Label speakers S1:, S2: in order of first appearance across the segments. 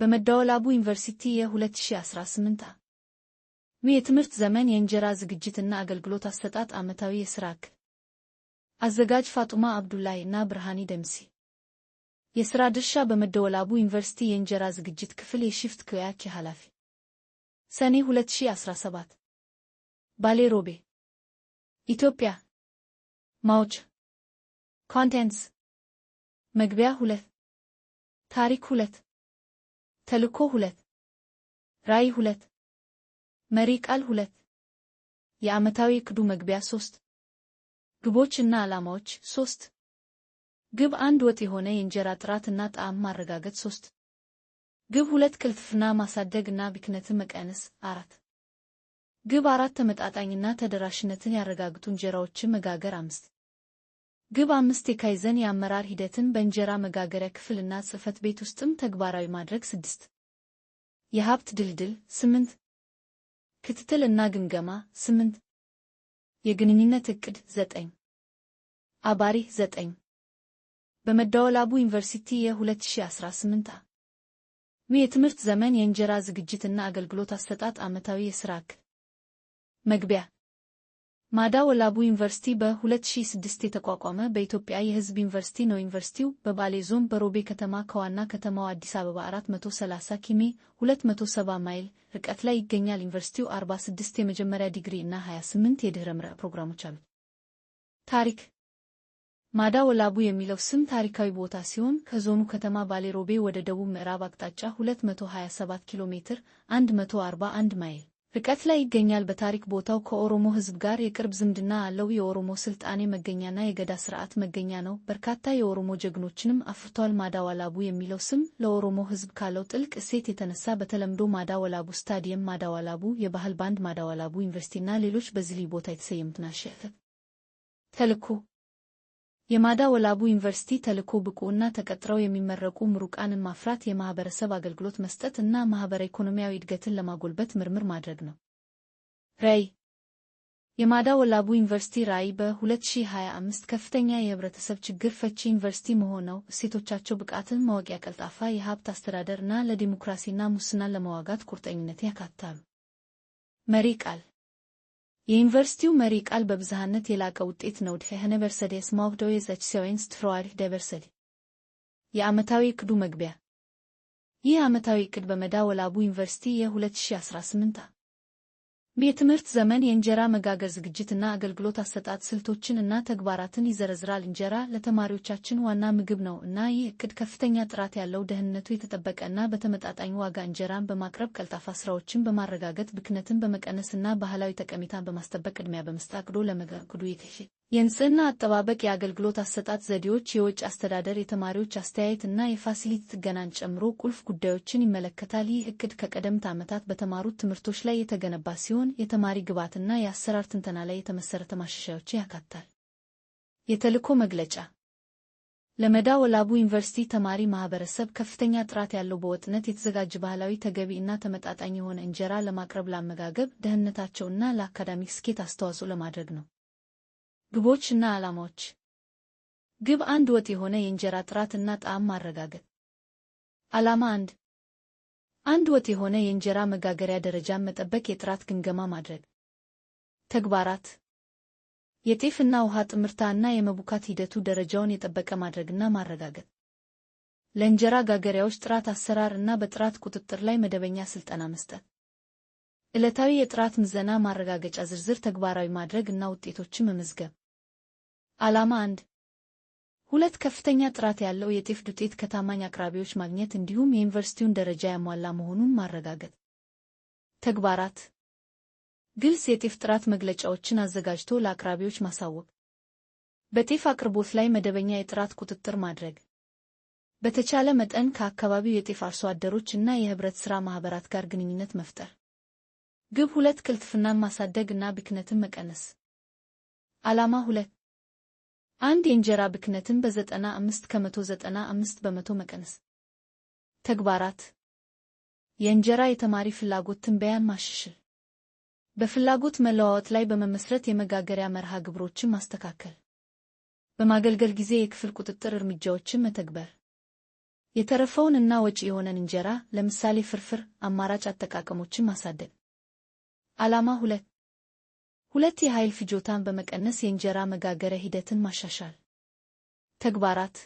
S1: በመደወላቡ ዩኒቨርሲቲ የ2018 ሚ የትምህርት ዘመን የእንጀራ ዝግጅትና አገልግሎት አሰጣጥ ዓመታዊ የሥራ እቅድ አዘጋጅ ፋጡማ አብዱላይ እና ብርሃኒ ደምሲ። የሥራ ድርሻ በመደወላቡ ዩኒቨርሲቲ የእንጀራ ዝግጅት ክፍል የሺፍት ክያኪ ኃላፊ። ሰኔ 2017 ባሌ ሮቤ፣ ኢትዮጵያ። ማውች ኮንቴንትስ መግቢያ 2 ታሪክ 2 ተልኮ ሁለት ራይ ሁለት መሪ ቃል ሁለት የዓመታዊ ክዱ መግቢያ ሶስት ግቦች እና ዓላማዎች ሶስት ግብ አንድ ወጥ የሆነ የእንጀራ ጥራትና ጣዕም ማረጋገጥ ሶስት ግብ ሁለት ቅልጥፍና ማሳደግና ብክነትን መቀነስ አራት ግብ አራት ተመጣጣኝና ተደራሽነትን ያረጋግጡ እንጀራዎችን መጋገር አምስት ግብ አምስት የካይዘን የአመራር ሂደትን በእንጀራ መጋገሪያ ክፍልና ጽህፈት ቤት ውስጥም ተግባራዊ ማድረግ ስድስት የሀብት ድልድል ስምንት ክትትል እና ግምገማ ስምንት የግንኙነት እቅድ ዘጠኝ አባሪ ዘጠኝ በመደወላቡ ዩኒቨርሲቲ የ2018 ሚ የትምህርት ዘመን የእንጀራ ዝግጅትና አገልግሎት አሰጣጥ ዓመታዊ የሥራ መግቢያ ማዳ ወላቡ ዩኒቨርሲቲ በ2006 የተቋቋመ በኢትዮጵያ የሕዝብ ዩኒቨርሲቲ ነው። ዩኒቨርሲቲው በባሌ ዞን በሮቤ ከተማ ከዋና ከተማው አዲስ አበባ 430 ኪሜ 270 ማይል ርቀት ላይ ይገኛል። ዩኒቨርሲቲው 46 የመጀመሪያ ዲግሪ እና 28 የድኅረ ምረቃ ፕሮግራሞች አሉ። ታሪክ ማዳ ወላቡ የሚለው ስም ታሪካዊ ቦታ ሲሆን ከዞኑ ከተማ ባሌ ሮቤ ወደ ደቡብ ምዕራብ አቅጣጫ 227 ኪሎ ሜትር 141 ማይል ርቀት ላይ ይገኛል። በታሪክ ቦታው ከኦሮሞ ሕዝብ ጋር የቅርብ ዝምድና አለው። የኦሮሞ ስልጣኔ መገኛና የገዳ ስርዓት መገኛ ነው። በርካታ የኦሮሞ ጀግኖችንም አፍርቷል። ማዳ ወላቡ የሚለው ስም ለኦሮሞ ሕዝብ ካለው ጥልቅ እሴት የተነሳ በተለምዶ ማዳ ወላቡ ስታዲየም፣ ማዳ ወላቡ የባህል ባንድ፣ ማዳ ወላቡ ዩኒቨርሲቲና ሌሎች በዚህ ቦታ የተሰየሙት ናቸው። የማዳ ወላቡ ዩኒቨርሲቲ ተልዕኮ ብቁና ተቀጥረው የሚመረቁ ምሩቃንን ማፍራት፣ የማህበረሰብ አገልግሎት መስጠት እና ማህበረ ኢኮኖሚያዊ እድገትን ለማጎልበት ምርምር ማድረግ ነው። ራዕይ የማዳ ወላቡ ዩኒቨርሲቲ ራዕይ በ2025 ከፍተኛ የህብረተሰብ ችግር ፈቺ ዩኒቨርሲቲ መሆን ነው። እሴቶቻቸው ብቃትን፣ ማወቂያ፣ ቀልጣፋ የሀብት አስተዳደር እና ለዲሞክራሲና ሙስናን ለመዋጋት ቁርጠኝነትን ያካትታሉ። መሪ ቃል የዩኒቨርሲቲው መሪ ቃል በብዝሃነት የላቀ ውጤት ነው። ድህ ዩኒቨርሲቲስ ማውግደው የዘች ሳይንስ ትፍረዋድህ ዳይቨርሲቲ የዓመታዊ ዕቅዱ መግቢያ ይህ ዓመታዊ ዕቅድ በመዳ ወላቡ ዩኒቨርሲቲ የ2018 የትምህርት ዘመን የእንጀራ መጋገር ዝግጅትና አገልግሎት አሰጣጥ ስልቶችን እና ተግባራትን ይዘረዝራል። እንጀራ ለተማሪዎቻችን ዋና ምግብ ነው እና ይህ እቅድ ከፍተኛ ጥራት ያለው፣ ደህንነቱ የተጠበቀ እና በተመጣጣኝ ዋጋ እንጀራን በማቅረብ ቀልጣፋ ስራዎችን በማረጋገጥ ብክነትን በመቀነስ እና ባህላዊ ጠቀሜታን በማስጠበቅ ቅድሚያ በመስጠት አቅዶ ለመጋገዱ የንጽህና አጠባበቅ የአገልግሎት አሰጣጥ ዘዴዎች የወጪ አስተዳደር የተማሪዎች አስተያየት እና የፋሲሊቲ ጥገናን ጨምሮ ቁልፍ ጉዳዮችን ይመለከታል። ይህ እቅድ ከቀደምት ዓመታት በተማሩት ትምህርቶች ላይ የተገነባ ሲሆን የተማሪ ግብዓትና የአሰራር ትንተና ላይ የተመሰረተ ማሻሻያዎችን ያካትታል። የተልዕኮ መግለጫ ለመዳ ወላቡ ዩኒቨርሲቲ ተማሪ ማህበረሰብ ከፍተኛ ጥራት ያለው በወጥነት የተዘጋጀ ባህላዊ ተገቢ እና ተመጣጣኝ የሆነ እንጀራ ለማቅረብ ለአመጋገብ ደህንነታቸውና ለአካዳሚክ ስኬት አስተዋጽኦ ለማድረግ ነው። ግቦች እና ዓላማዎች ግብ አንድ ወጥ የሆነ የእንጀራ ጥራትና ጣዕም ማረጋገጥ። ዓላማ አንድ አንድ ወጥ የሆነ የእንጀራ መጋገሪያ ደረጃን መጠበቅ፣ የጥራት ግምገማ ማድረግ። ተግባራት የጤፍና ውሃ ጥምርታና የመቡካት ሂደቱ ደረጃውን የጠበቀ ማድረግና ማረጋገጥ። ለእንጀራ ጋገሪያዎች ጥራት አሰራር እና በጥራት ቁጥጥር ላይ መደበኛ ስልጠና መስጠት። ዕለታዊ የጥራት ምዘና ማረጋገጫ ዝርዝር ተግባራዊ ማድረግ እና ውጤቶችን መመዝገብ። ዓላማ አንድ ሁለት ከፍተኛ ጥራት ያለው የጤፍ ዱቄት ከታማኝ አቅራቢዎች ማግኘት እንዲሁም የዩኒቨርሲቲውን ደረጃ ያሟላ መሆኑን ማረጋገጥ። ተግባራት ግልጽ የጤፍ ጥራት መግለጫዎችን አዘጋጅቶ ለአቅራቢዎች ማሳወቅ፣ በጤፍ አቅርቦት ላይ መደበኛ የጥራት ቁጥጥር ማድረግ፣ በተቻለ መጠን ከአካባቢው የጤፍ አርሶ አደሮች እና የህብረት ሥራ ማኅበራት ጋር ግንኙነት መፍጠር። ግብ ሁለት ቅልጥፍናን ማሳደግ እና ብክነትን መቀነስ። ዓላማ ሁለት አንድ የእንጀራ ብክነትን በዘጠና 95 ከመቶ ዘጠና አምስት በመቶ መቀነስ። ተግባራት የእንጀራ የተማሪ ፍላጎት ትንበያን ማሻሻል፣ በፍላጎት መለዋወጥ ላይ በመመስረት የመጋገሪያ መርሃ ግብሮችን ማስተካከል፣ በማገልገል ጊዜ የክፍል ቁጥጥር እርምጃዎችን መተግበር፣ የተረፈውን እና ወጪ የሆነን እንጀራ ለምሳሌ ፍርፍር አማራጭ አጠቃቀሞችን ማሳደግ። ዓላማ ሁለት ሁለት የኃይል ፍጆታን በመቀነስ የእንጀራ መጋገሪያ ሂደትን ማሻሻል። ተግባራት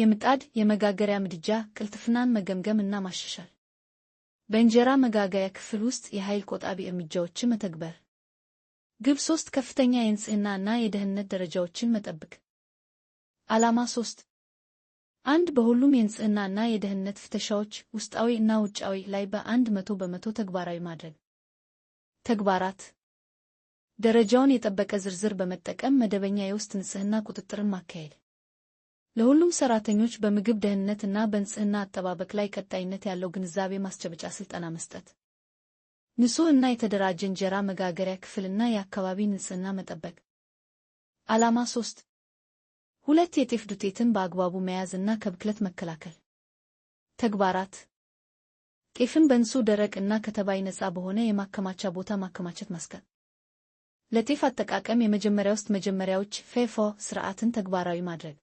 S1: የምጣድ የመጋገሪያ ምድጃ ቅልጥፍናን መገምገም እና ማሻሻል። በእንጀራ መጋገሪያ ክፍል ውስጥ የኃይል ቆጣቢ እርምጃዎችን መተግበር። ግብ ሶስት ከፍተኛ የንጽህና እና የደህንነት ደረጃዎችን መጠበቅ። ዓላማ ሶስት አንድ በሁሉም እና የደህንነት ፍተሻዎች ውስጣዊ እና ውጫዊ ላይ በአንድ መቶ በመቶ ተግባራዊ ማድረግ። ተግባራት ደረጃውን የጠበቀ ዝርዝር በመጠቀም መደበኛ የውስጥ ንጽህና ቁጥጥርን ማካሄድ ለሁሉም ሰራተኞች በምግብ ደህንነት እና በንጽህና አጠባበቅ ላይ ቀጣይነት ያለው ግንዛቤ ማስጨበጫ ስልጠና መስጠት፣ ንጹህ እና የተደራጀ እንጀራ መጋገሪያ ክፍልና የአካባቢ ንጽህና መጠበቅ። ዓላማ ሶስት ሁለት የጤፍ ዱቄትን በአግባቡ መያዝ እና ከብክለት መከላከል። ተግባራት ጤፍን በንጹህ ደረቅ እና ከተባይ ነጻ በሆነ የማከማቻ ቦታ ማከማቸት ማስቀጥ ለቴፍ አጠቃቀም የመጀመሪያ ውስጥ መጀመሪያዎች ፌፎ ስርዓትን ተግባራዊ ማድረግ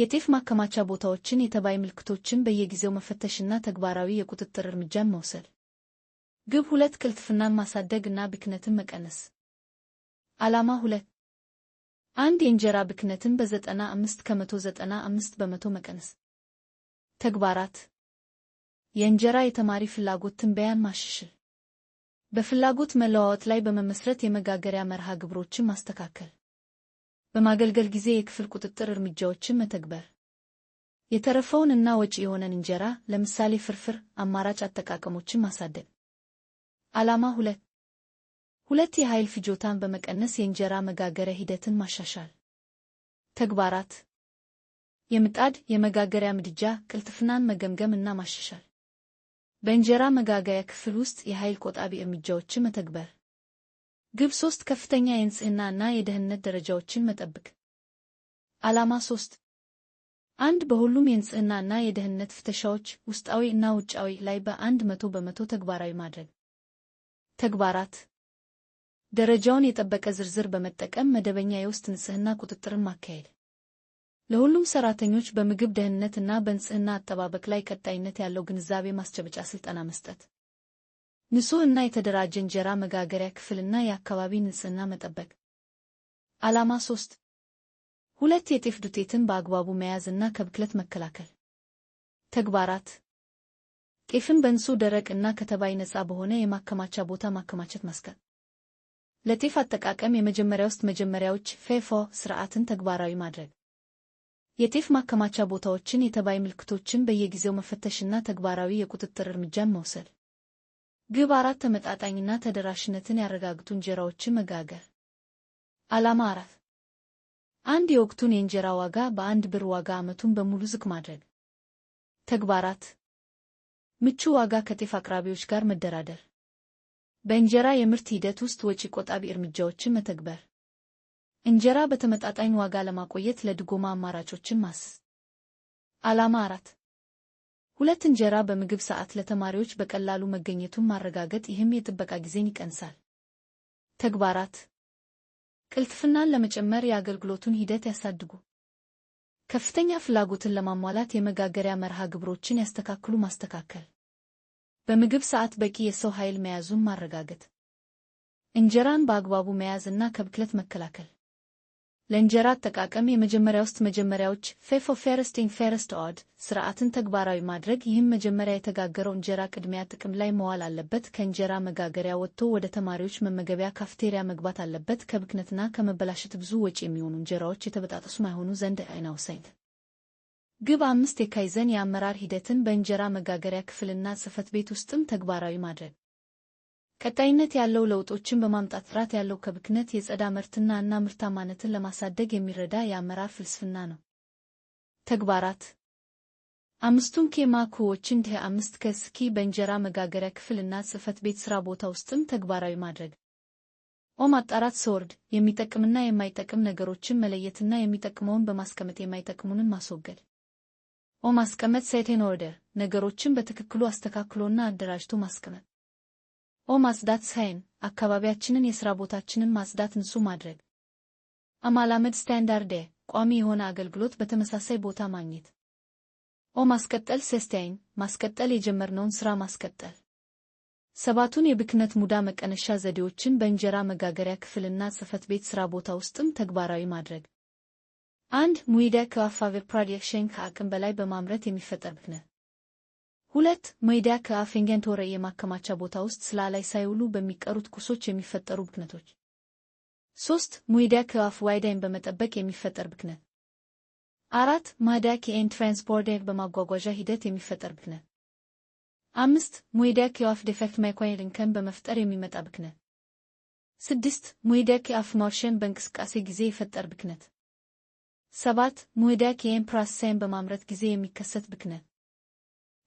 S1: የቴፍ ማከማቻ ቦታዎችን የተባይ ምልክቶችን በየጊዜው መፈተሽና ተግባራዊ የቁጥጥር እርምጃን መውሰድ። ግብ ሁለት ቅልጥፍናን ማሳደግ እና ብክነትን መቀነስ። ዓላማ ሁለት አንድ የእንጀራ ብክነትን በ አምስት ከመቶ ዘጠና በመቶ መቀነስ። ተግባራት የእንጀራ የተማሪ ፍላጎት ትንበያን ማሻሻል በፍላጎት መለዋወጥ ላይ በመመስረት የመጋገሪያ መርሃ ግብሮችን ማስተካከል፣ በማገልገል ጊዜ የክፍል ቁጥጥር እርምጃዎችን መተግበር፣ የተረፈውን እና ወጪ የሆነን እንጀራ ለምሳሌ ፍርፍር አማራጭ አጠቃቀሞችን ማሳደግ። ዓላማ ሁለት ሁለት የኃይል ፍጆታን በመቀነስ የእንጀራ መጋገሪያ ሂደትን ማሻሻል። ተግባራት የምጣድ የመጋገሪያ ምድጃ ቅልጥፍናን መገምገም እና ማሻሻል በእንጀራ መጋገያ ክፍል ውስጥ የኃይል ቆጣቢ እርምጃዎችን መተግበር። ግብ ሶስት ከፍተኛ የንጽህና እና የደህንነት ደረጃዎችን መጠበቅ። ዓላማ ሶስት አንድ በሁሉም የንጽህናና የደህንነት ፍተሻዎች ውስጣዊ እና ውጫዊ ላይ በአንድ መቶ በመቶ ተግባራዊ ማድረግ። ተግባራት ደረጃውን የጠበቀ ዝርዝር በመጠቀም መደበኛ የውስጥ ንጽህና ቁጥጥርን ማካሄድ ለሁሉም ሰራተኞች በምግብ ደህንነት እና በንጽህና አጠባበቅ ላይ ቀጣይነት ያለው ግንዛቤ ማስጨበጫ ስልጠና መስጠት፣ ንጹህ እና የተደራጀ እንጀራ መጋገሪያ ክፍልና የአካባቢ ንጽህና መጠበቅ። ዓላማ ሶስት ሁለት የጤፍ ዱቄትን በአግባቡ መያዝ እና ከብክለት መከላከል። ተግባራት ጤፍን በንጹህ ደረቅ እና ከተባይ ነፃ በሆነ የማከማቻ ቦታ ማከማቸት ማስቀል ለጤፍ አጠቃቀም የመጀመሪያ ውስጥ መጀመሪያዎች ፌፎ ስርዓትን ተግባራዊ ማድረግ የጤፍ ማከማቻ ቦታዎችን የተባይ ምልክቶችን በየጊዜው መፈተሽና ተግባራዊ የቁጥጥር እርምጃን መውሰድ። ግብ አራት ተመጣጣኝና ተደራሽነትን ያረጋግጡ እንጀራዎችን መጋገር። ዓላማ አራት አንድ የወቅቱን የእንጀራ ዋጋ በአንድ ብር ዋጋ ዓመቱን በሙሉ ዝቅ ማድረግ። ተግባራት ምቹ ዋጋ ከጤፍ አቅራቢዎች ጋር መደራደር። በእንጀራ የምርት ሂደት ውስጥ ወጪ ቆጣቢ እርምጃዎችን መተግበር እንጀራ በተመጣጣኝ ዋጋ ለማቆየት ለድጎማ አማራጮችን ማስ ዓላማ አራት ሁለት እንጀራ በምግብ ሰዓት ለተማሪዎች በቀላሉ መገኘቱን ማረጋገጥ፣ ይህም የጥበቃ ጊዜን ይቀንሳል። ተግባራት ቅልጥፍናን ለመጨመር የአገልግሎቱን ሂደት ያሳድጉ። ከፍተኛ ፍላጎትን ለማሟላት የመጋገሪያ መርሃ ግብሮችን ያስተካክሉ። ማስተካከል በምግብ ሰዓት በቂ የሰው ኃይል መያዙን ማረጋገጥ፣ እንጀራን በአግባቡ መያዝ እና ከብክለት መከላከል ለእንጀራ አጠቃቀም የመጀመሪያ ውስጥ መጀመሪያዎች ፌፎ ፌረስቲንግ ፌርስት ኦድ ስርዓትን ተግባራዊ ማድረግ ይህም መጀመሪያ የተጋገረው እንጀራ ቅድሚያ ጥቅም ላይ መዋል አለበት። ከእንጀራ መጋገሪያ ወጥቶ ወደ ተማሪዎች መመገቢያ ካፍቴሪያ መግባት አለበት። ከብክነትና ከመበላሸት ብዙ ወጪ የሚሆኑ እንጀራዎች የተበጣጠሱ ማይሆኑ ዘንድ አይናውሰኝ ግብ አምስት የካይዘን የአመራር ሂደትን በእንጀራ መጋገሪያ ክፍልና ጽፈት ቤት ውስጥም ተግባራዊ ማድረግ ቀጣይነት ያለው ለውጦችን በማምጣት ጥራት ያለው ከብክነት የጸዳ ምርትና እና ምርታማነትን ለማሳደግ የሚረዳ የአመራር ፍልስፍና ነው። ተግባራት አምስቱን ኬማ ክዎችን ድህ አምስት ከስኪ በእንጀራ መጋገሪያ ክፍልና ጽህፈት ቤት ስራ ቦታ ውስጥም ተግባራዊ ማድረግ ኦ ማጣራት ሰወርድ የሚጠቅምና የማይጠቅም ነገሮችን መለየትና የሚጠቅመውን በማስቀመጥ የማይጠቅሙንን ማስወገድ ኦ ማስቀመጥ ሴቴን ኦርደር ነገሮችን በትክክሉ አስተካክሎና አደራጅቶ ማስቀመጥ ኦ ማጽዳት ሳይን አካባቢያችንን የሥራ ቦታችንን ማጽዳት ንሱ ማድረግ አማላመድ ስታንዳርዴ ቋሚ የሆነ አገልግሎት በተመሳሳይ ቦታ ማግኘት ኦ ማስቀጠል ሴስቲያይን ማስቀጠል የጀመርነውን ሥራ ማስቀጠል ሰባቱን የብክነት ሙዳ መቀነሻ ዘዴዎችን በእንጀራ መጋገሪያ ክፍልና ጽሕፈት ቤት ሥራ ቦታ ውስጥም ተግባራዊ ማድረግ አንድ ሙይዳ ከአፋቬ ፕራዲክሽን ከአቅም በላይ በማምረት የሚፈጠር ብክነት ሁለት ሜዲያ መይዳ ከአፈንገንቶረ የማከማቻ ቦታ ውስጥ ስላ ላይ ሳይውሉ በሚቀሩት ቁሶች የሚፈጠሩ ብክነቶች። ሶስት ሙይዳ ከአፍ ዋይዳይን በመጠበቅ የሚፈጠር ብክነት። አራት ማዳ ከኤን ትራንስቦርደር በማጓጓዣ ሂደት የሚፈጠር ብክነት። አምስት ሙይዳ ከአፍ ዴፌክት ማይኳይል በመፍጠር የሚመጣ ብክነት። ስድስት ሙይዳ ከአፍ ማርሽን በእንቅስቃሴ ጊዜ የፈጠር ብክነት። ሰባት ሙይዳ ከኤን ፕራሳይን በማምረት ጊዜ የሚከሰት ብክነት።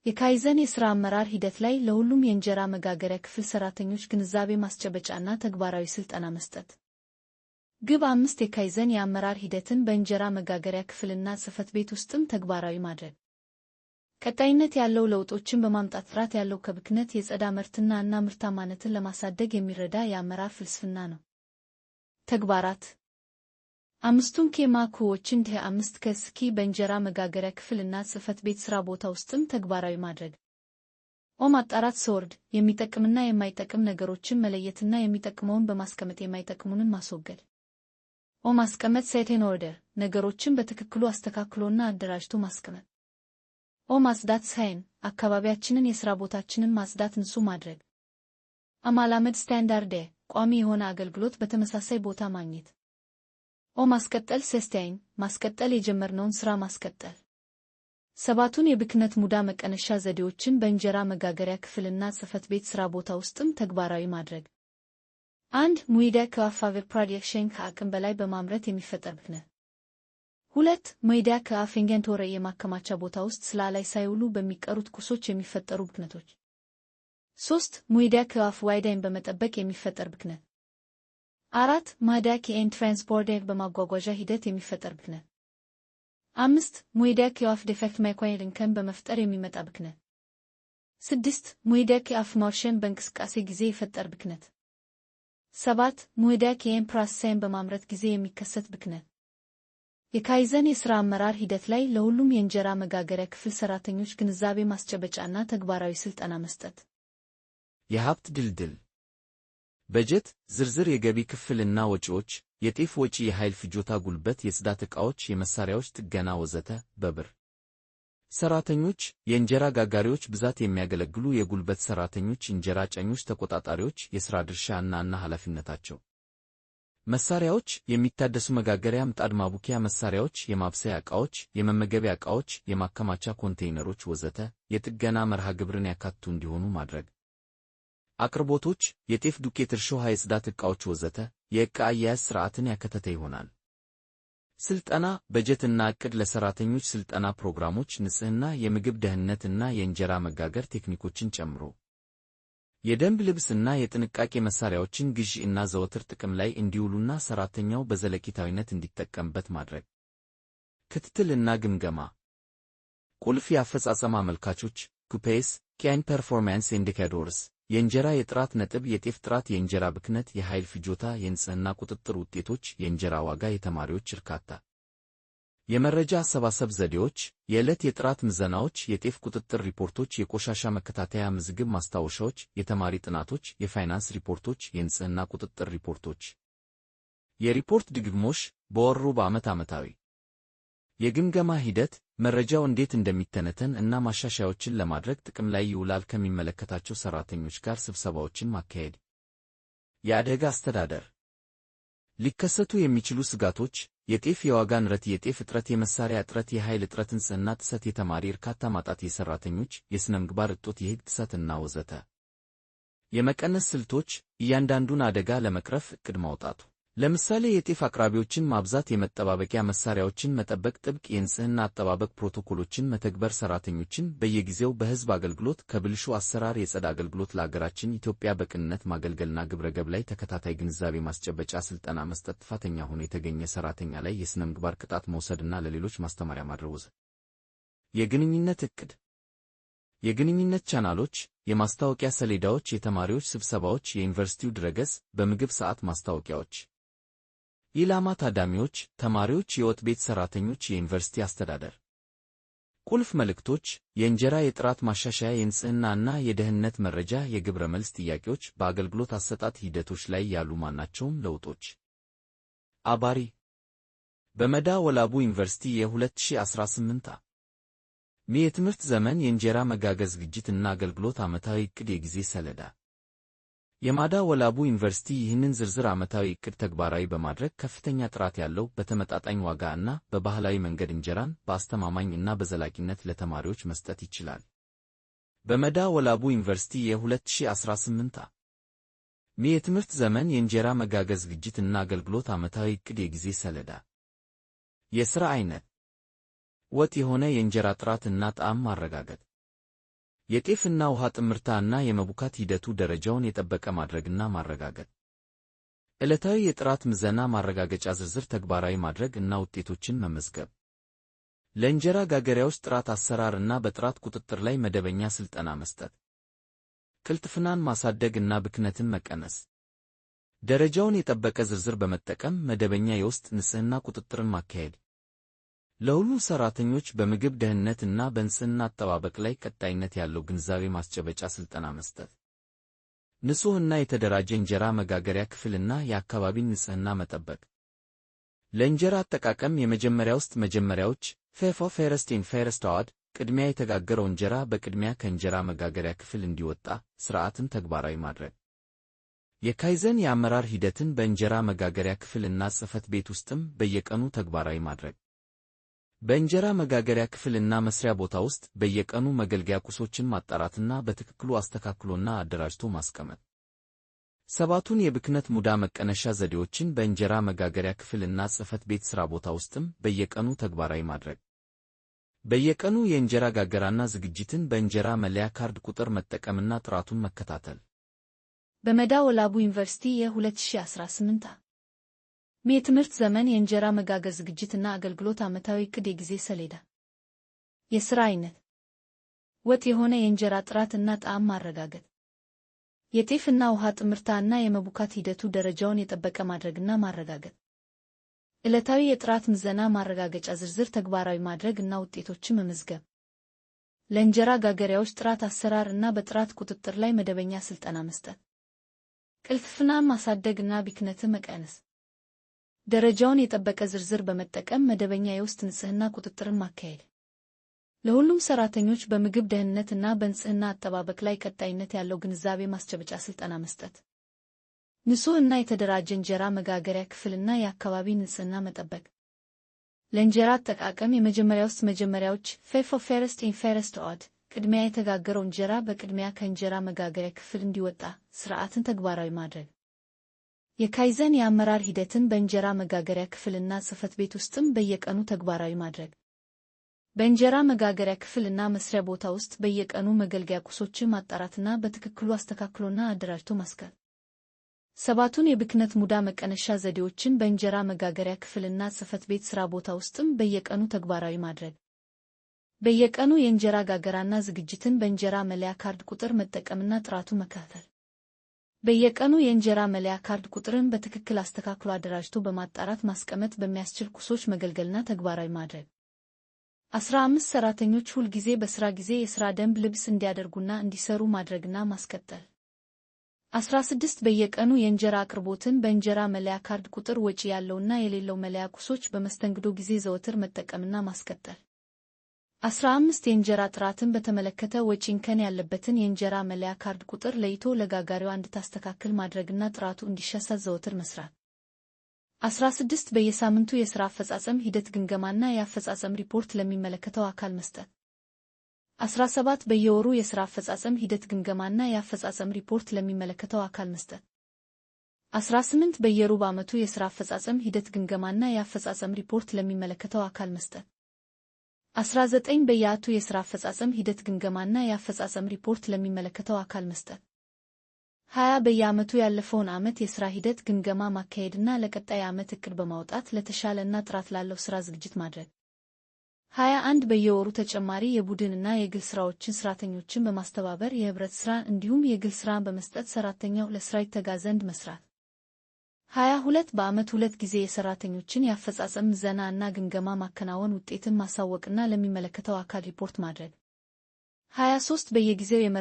S1: የካይዘን የሥራ አመራር ሂደት ላይ ለሁሉም የእንጀራ መጋገሪያ ክፍል ሠራተኞች ግንዛቤ ማስጨበጫና ተግባራዊ ሥልጠና መስጠት። ግብ አምስት የካይዘን የአመራር ሂደትን በእንጀራ መጋገሪያ ክፍልና ጽሕፈት ቤት ውስጥም ተግባራዊ ማድረግ። ቀጣይነት ያለው ለውጦችን በማምጣት ጥራት ያለው ከብክነት የጸዳ ምርትና እና ምርታማነትን ለማሳደግ የሚረዳ የአመራር ፍልስፍና ነው። ተግባራት አምስቱን ኬማ ኩዎችን አምስት ከስኪ በእንጀራ መጋገሪያ ክፍልና ጽሕፈት ቤት ሥራ ቦታ ውስጥም ተግባራዊ ማድረግ ኦ ማጣራት ሰወርድ የሚጠቅምና የማይጠቅም ነገሮችን መለየትና የሚጠቅመውን በማስቀመጥ የማይጠቅሙንን ማስወገድ ኦ ማስቀመጥ ሴቴን ኦርደር ነገሮችን በትክክሉ አስተካክሎና አደራጅቶ ማስቀመጥ ኦ ማጽዳት ሳይን አካባቢያችንን የሥራ ቦታችንን ማጽዳት ንሱ ማድረግ አማላመድ ስታንዳርዴ ቋሚ የሆነ አገልግሎት በተመሳሳይ ቦታ ማግኘት ኦ ማስቀጠል ሰስተያኝ ማስቀጠል የጀመርነውን ስራ ማስቀጠል። ሰባቱን የብክነት ሙዳ መቀነሻ ዘዴዎችን በእንጀራ መጋገሪያ ክፍልና ጽሕፈት ቤት ስራ ቦታ ውስጥም ተግባራዊ ማድረግ። አንድ ሙይዳ ከአፋቬር ፕሮዳክሽን ከአቅም በላይ በማምረት የሚፈጠር ብክነት። ሁለት ሙይዳ ከአፌንገንት ወረ የማከማቻ ቦታ ውስጥ ስላ ላይ ሳይውሉ በሚቀሩት ቁሶች የሚፈጠሩ ብክነቶች። ሶስት ሙይዳ ከአፍ ዋይዳይን በመጠበቅ የሚፈጠር ብክነት አራት ማዳኪ ኤንድ ትራንስፖርት በማጓጓዣ ሂደት የሚፈጠር ብክነት። አምስት ሙይደክ የአፍ ዲፌክት ማይኳይል በመፍጠር የሚመጣ ብክነት። ስድስት ሙይዳክ የአፍ ማርሽን በእንቅስቃሴ ጊዜ ይፈጠር ብክነት። ሰባት ሙይዳክ የኤምፕራሳይን በማምረት ጊዜ የሚከሰት ብክነት። የካይዘን የሥራ አመራር ሂደት ላይ ለሁሉም የእንጀራ መጋገሪያ ክፍል ሠራተኞች ግንዛቤ ማስጨበጫና ተግባራዊ ሥልጠና መስጠት። የሀብት ድልድል በጀት ዝርዝር የገቢ ክፍልና ወጪዎች፣ የጤፍ ወጪ፣ የኃይል ፍጆታ፣ ጉልበት፣ የጽዳት ዕቃዎች፣ የመሳሪያዎች ጥገና ወዘተ። በብር ሰራተኞች የእንጀራ ጋጋሪዎች ብዛት፣ የሚያገለግሉ የጉልበት ሰራተኞች እንጀራ ጫኞች፣ ተቆጣጣሪዎች፣ የሥራ ድርሻ ና ና ኃላፊነታቸው። መሳሪያዎች የሚታደሱ መጋገሪያ ምጣድ፣ ማቡኪያ መሳሪያዎች የማብሰያ ዕቃዎች፣ የመመገቢያ ዕቃዎች፣ የማከማቻ ኮንቴይነሮች ወዘተ የጥገና መርሃ ግብርን ያካትቱ እንዲሆኑ ማድረግ አቅርቦቶች፣ የጤፍ ዱቄት፣ እርሾ፣ የጽዳት ዕቃዎች ወዘተ የዕቃ አያያዝ ሥርዓትን ያከተተ ይሆናል። ስልጠና፣ በጀትና ዕቅድ ለሠራተኞች ስልጠና ፕሮግራሞች፣ ንጽሕና፣ የምግብ ደህንነትና የእንጀራ መጋገር ቴክኒኮችን ጨምሮ የደንብ ልብስና የጥንቃቄ መሣሪያዎችን ግዢ እና ዘወትር ጥቅም ላይ እንዲውሉና ሠራተኛው በዘለቂታዊነት እንዲጠቀምበት ማድረግ። ክትትልና ግምገማ፣ ቁልፍ የአፈጻጸም አመልካቾች ኩፔስ ኪያን ፐርፎርማንስ ኢንዲኬተርስ የእንጀራ የጥራት ነጥብ የጤፍ ጥራት የእንጀራ ብክነት የኃይል ፍጆታ የንጽህና ቁጥጥር ውጤቶች የእንጀራ ዋጋ የተማሪዎች እርካታ የመረጃ አሰባሰብ ዘዴዎች የዕለት የጥራት ምዘናዎች የጤፍ ቁጥጥር ሪፖርቶች የቆሻሻ መከታተያ ምዝግብ ማስታወሻዎች የተማሪ ጥናቶች የፋይናንስ ሪፖርቶች የንጽህና ቁጥጥር ሪፖርቶች የሪፖርት ድግግሞሽ በወሩ በዓመት ዓመታዊ የግምገማ ሂደት መረጃው እንዴት እንደሚተነተን እና ማሻሻያዎችን ለማድረግ ጥቅም ላይ ይውላል። ከሚመለከታቸው ሰራተኞች ጋር ስብሰባዎችን ማካሄድ። የአደጋ አስተዳደር ሊከሰቱ የሚችሉ ስጋቶች የጤፍ የዋጋ ንረት፣ የጤፍ እጥረት፣ የመሳሪያ እጥረት፣ የኃይል እጥረት፣ ንጽህና ጥሰት፣ የተማሪ እርካታ ማጣት፣ የሰራተኞች የሥነ ምግባር እጦት፣ የሕግ ጥሰት እና ወዘተ። የመቀነስ ስልቶች፣ እያንዳንዱን አደጋ ለመቅረፍ ዕቅድ ማውጣቱ ለምሳሌ የጤፍ አቅራቢዎችን ማብዛት፣ የመጠባበቂያ መሳሪያዎችን መጠበቅ፣ ጥብቅ የንጽህና አጠባበቅ ፕሮቶኮሎችን መተግበር፣ ሰራተኞችን በየጊዜው በህዝብ አገልግሎት ከብልሹ አሰራር የጸዳ አገልግሎት ለአገራችን ኢትዮጵያ በቅንነት ማገልገልና ግብረገብ ላይ ተከታታይ ግንዛቤ ማስጨበጫ ስልጠና መስጠት፣ ጥፋተኛ ሆኖ የተገኘ ሰራተኛ ላይ የሥነ ምግባር ቅጣት መውሰድና ለሌሎች ማስተማሪያ ማድረግ። የግንኙነት እቅድ የግንኙነት ቻናሎች፣ የማስታወቂያ ሰሌዳዎች፣ የተማሪዎች ስብሰባዎች፣ የዩኒቨርሲቲው ድረገጽ፣ በምግብ ሰዓት ማስታወቂያዎች ኢላማ ታዳሚዎች፣ ተማሪዎች፣ የወጥ ቤት ሰራተኞች የዩኒቨርሲቲ አስተዳደር። ቁልፍ መልእክቶች፣ የእንጀራ የጥራት ማሻሻያ፣ የንጽህና እና የደህንነት መረጃ፣ የግብረ መልስ ጥያቄዎች፣ በአገልግሎት አሰጣጥ ሂደቶች ላይ ያሉ ማናቸውም ለውጦች። አባሪ በመዳ ወላቡ ዩኒቨርሲቲ የ2018 የትምህርት ዘመን የእንጀራ መጋገር ዝግጅት እና አገልግሎት ዓመታዊ ዕቅድ የጊዜ ሰሌዳ የማዳ ወላቡ ዩኒቨርሲቲ ይህንን ዝርዝር ዓመታዊ ዕቅድ ተግባራዊ በማድረግ ከፍተኛ ጥራት ያለው በተመጣጣኝ ዋጋ እና በባህላዊ መንገድ እንጀራን በአስተማማኝ እና በዘላቂነት ለተማሪዎች መስጠት ይችላል። በመዳ ወላቡ ዩኒቨርሲቲ የ2018 የትምህርት ዘመን የእንጀራ መጋገር ዝግጅት እና አገልግሎት ዓመታዊ ዕቅድ የጊዜ ሰሌዳ የሥራ ዓይነት ወጥ የሆነ የእንጀራ ጥራት እና ጣዕም ማረጋገጥ የጤፍና ውሃ ጥምርታ እና የመቡካት ሂደቱ ደረጃውን የጠበቀ ማድረግና ማረጋገጥ ዕለታዊ የጥራት ምዘና ማረጋገጫ ዝርዝር ተግባራዊ ማድረግ እና ውጤቶችን መመዝገብ ለእንጀራ ጋገሪያዎች ጥራት አሰራር እና በጥራት ቁጥጥር ላይ መደበኛ ሥልጠና መስጠት ቅልጥፍናን ማሳደግ እና ብክነትን መቀነስ ደረጃውን የጠበቀ ዝርዝር በመጠቀም መደበኛ የውስጥ ንጽህና ቁጥጥርን ማካሄድ ለሁሉም ሰራተኞች በምግብ ደህንነት እና በንጽህና አጠባበቅ ላይ ቀጣይነት ያለው ግንዛቤ ማስጨበጫ ስልጠና መስጠት፣ ንጹህና የተደራጀ እንጀራ መጋገሪያ ክፍልና የአካባቢን ንጽህና መጠበቅ። ለእንጀራ አጠቃቀም የመጀመሪያ ውስጥ መጀመሪያዎች ፌፎ ፌረስቲን ፌረስት አዋድ ቅድሚያ የተጋገረው እንጀራ በቅድሚያ ከእንጀራ መጋገሪያ ክፍል እንዲወጣ ሥርዓትን ተግባራዊ ማድረግ የካይዘን የአመራር ሂደትን በእንጀራ መጋገሪያ ክፍልና ጽህፈት ቤት ውስጥም በየቀኑ ተግባራዊ ማድረግ በእንጀራ መጋገሪያ ክፍልና መስሪያ ቦታ ውስጥ በየቀኑ መገልገያ ቁሶችን ማጣራትና በትክክሉ አስተካክሎና አደራጅቶ ማስቀመጥ። ሰባቱን የብክነት ሙዳ መቀነሻ ዘዴዎችን በእንጀራ መጋገሪያ ክፍልና ጽህፈት ቤት ሥራ ቦታ ውስጥም በየቀኑ ተግባራዊ ማድረግ። በየቀኑ የእንጀራ ጋገራና ዝግጅትን በእንጀራ መለያ ካርድ ቁጥር መጠቀምና ጥራቱን መከታተል። በመዳ ወላቡ ዩኒቨርሲቲ የ2018 የትምህርት ዘመን የእንጀራ መጋገር ዝግጅትና አገልግሎት ዓመታዊ ዕቅድ የጊዜ ሰሌዳ የሥራ አይነት ወጥ የሆነ የእንጀራ ጥራት እና ጣዕም ማረጋገጥ የጤፍና ውሃ ጥምርታና የመቡካት ሂደቱ ደረጃውን የጠበቀ ማድረግና ማረጋገጥ ዕለታዊ የጥራት ምዘና ማረጋገጫ ዝርዝር ተግባራዊ ማድረግ እና ውጤቶችን መመዝገብ ለእንጀራ ጋገሪያዎች ጥራት አሰራር እና በጥራት ቁጥጥር ላይ መደበኛ ስልጠና መስጠት ቅልጥፍናን ማሳደግ እና ቢክነትን መቀነስ ደረጃውን የጠበቀ ዝርዝር በመጠቀም መደበኛ የውስጥ ንጽህና ቁጥጥርን ማካሄድ ለሁሉም ሰራተኞች በምግብ ደህንነትና በንጽህና አጠባበቅ ላይ ቀጣይነት ያለው ግንዛቤ ማስጨበጫ ስልጠና መስጠት፣ ንጹህ እና የተደራጀ እንጀራ መጋገሪያ ክፍልና የአካባቢ ንጽህና መጠበቅ ለእንጀራ አጠቃቀም የመጀመሪያ ውስጥ መጀመሪያዎች ፌፎፌረስት ኢንፌረስት ኦድ ቅድሚያ የተጋገረው እንጀራ በቅድሚያ ከእንጀራ መጋገሪያ ክፍል እንዲወጣ ስርዓትን ተግባራዊ ማድረግ የካይዘን የአመራር ሂደትን በእንጀራ መጋገሪያ ክፍልና ጽህፈት ቤት ውስጥም በየቀኑ ተግባራዊ ማድረግ በእንጀራ መጋገሪያ ክፍልና መስሪያ ቦታ ውስጥ በየቀኑ መገልገያ ቁሶችን ማጣራትና በትክክሉ አስተካክሎና አደራጅቶ ማስጋል። ሰባቱን የብክነት ሙዳ መቀነሻ ዘዴዎችን በእንጀራ መጋገሪያ ክፍልና ጽህፈት ቤት ሥራ ቦታ ውስጥም በየቀኑ ተግባራዊ ማድረግ በየቀኑ የእንጀራ ጋገራና ዝግጅትን በእንጀራ መለያ ካርድ ቁጥር መጠቀምና ጥራቱ መከታተል በየቀኑ የእንጀራ መለያ ካርድ ቁጥርን በትክክል አስተካክሎ አደራጅቶ በማጣራት ማስቀመጥ በሚያስችል ቁሶች መገልገልና ተግባራዊ ማድረግ። 15 ሰራተኞች ሁል ጊዜ በስራ ጊዜ የስራ ደንብ ልብስ እንዲያደርጉና እንዲሰሩ ማድረግና ማስቀጠል። 16 በየቀኑ የእንጀራ አቅርቦትን በእንጀራ መለያ ካርድ ቁጥር ወጪ ያለውና የሌለው መለያ ቁሶች በመስተንግዶ ጊዜ ዘወትር መጠቀምና ማስቀጠል አስራ አምስት የእንጀራ ጥራትን በተመለከተ ወጪ ያለበትን የእንጀራ መለያ ካርድ ቁጥር ለይቶ ለጋጋሪዋ እንድታስተካክል ማድረግና ጥራቱ እንዲሻሻል ዘወትር መስራት። ስድስት በየሳምንቱ የሥራ አፈጻጸም ሂደት ግምገማና የአፈጻጸም ሪፖርት ለሚመለከተው አካል መስጠት። 17 በየወሩ የሥራ አፈጻጸም ሂደት ግምገማና የአፈጻጸም ሪፖርት ለሚመለከተው አካል መስጠት። 18 በየሩብ ዓመቱ የሥራ አፈጻጸም ሂደት ግምገማና የአፈጻጸም ሪፖርት ለሚመለከተው አካል መስጠት 19 በየአቱ የሥራ አፈጻጸም ሂደት ግምገማና የአፈጻጸም ሪፖርት ለሚመለከተው አካል መስጠት። 20 በየዓመቱ ያለፈውን ዓመት የሥራ ሂደት ግምገማ ማካሄድና ለቀጣይ ዓመት እቅድ በማውጣት ለተሻለና ጥራት ላለው ሥራ ዝግጅት ማድረግ። 21 በየወሩ ተጨማሪ የቡድንና የግል ሥራዎችን ሥራተኞችን በማስተባበር የኅብረት ሥራን እንዲሁም የግል ሥራን በመስጠት ሠራተኛው ለሥራ ይተጋ ዘንድ መስራት። ሀያ ሁለት በዓመት ሁለት ጊዜ የሰራተኞችን የአፈጻጸም ምዘና እና ግምገማ ማከናወን ውጤትን ማሳወቅና ለሚመለከተው አካል ሪፖርት ማድረግ። ሀያ ሶስት በየጊዜው የመ